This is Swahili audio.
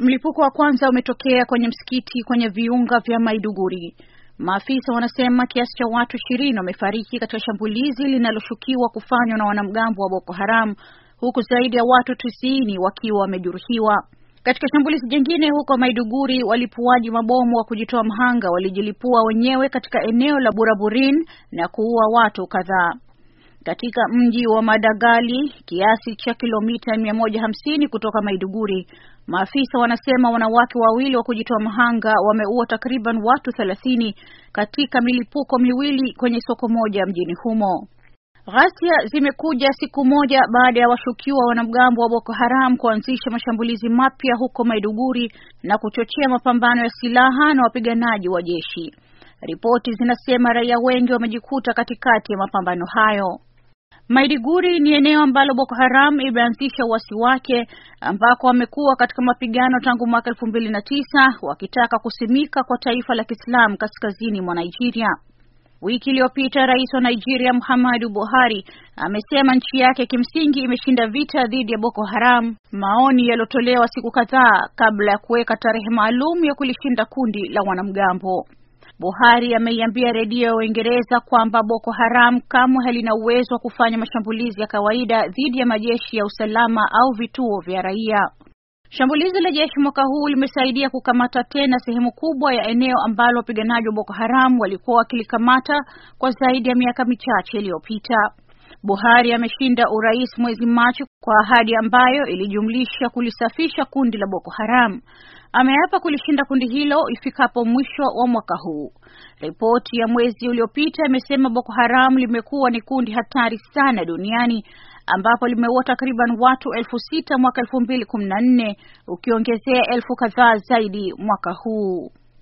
Mlipuko wa kwanza umetokea kwenye msikiti kwenye viunga vya Maiduguri. Maafisa wanasema kiasi cha watu ishirini wamefariki katika shambulizi linaloshukiwa kufanywa na wanamgambo wa Boko Haram huku zaidi ya watu tisini wakiwa wamejeruhiwa. Katika shambulizi jingine huko Maiduguri, walipuaji mabomu wa kujitoa mhanga walijilipua wenyewe katika eneo la Buraburin na kuua watu kadhaa katika mji wa Madagali kiasi cha kilomita 150 kutoka Maiduguri. Maafisa wanasema wanawake wawili wa kujitoa mhanga wameua takriban watu 30 katika milipuko miwili kwenye soko moja mjini humo. Ghasia zimekuja siku moja baada ya washukiwa wanamgambo wa Boko Haram kuanzisha mashambulizi mapya huko Maiduguri na kuchochea mapambano ya silaha na wapiganaji wa jeshi. Ripoti zinasema raia wengi wamejikuta katikati ya mapambano hayo. Maiduguri ni eneo ambalo Boko Haram imeanzisha uasi wake ambako wamekuwa katika mapigano tangu mwaka elfu mbili na tisa wakitaka kusimika kwa taifa la Kiislamu kaskazini mwa Nigeria. Wiki iliyopita rais wa Nigeria Muhammadu Buhari amesema nchi yake kimsingi imeshinda vita dhidi ya Boko Haram, maoni yaliyotolewa siku kadhaa kabla ya kuweka tarehe maalum ya kulishinda kundi la wanamgambo. Buhari ameiambia redio ya Uingereza kwamba Boko Haram kamwe halina uwezo wa kufanya mashambulizi ya kawaida dhidi ya majeshi ya usalama au vituo vya raia. Shambulizi la jeshi mwaka huu limesaidia kukamata tena sehemu kubwa ya eneo ambalo wapiganaji wa Boko Haram walikuwa wakilikamata kwa zaidi ya miaka michache iliyopita. Buhari ameshinda urais mwezi Machi kwa ahadi ambayo ilijumlisha kulisafisha kundi la Boko Haram. Ameapa kulishinda kundi hilo ifikapo mwisho wa mwaka huu. Ripoti ya mwezi uliopita imesema Boko Haram limekuwa ni kundi hatari sana duniani ambapo limeua takriban watu elfu sita mwaka elfu mbili kumi na nne ukiongezea elfu kadhaa zaidi mwaka huu.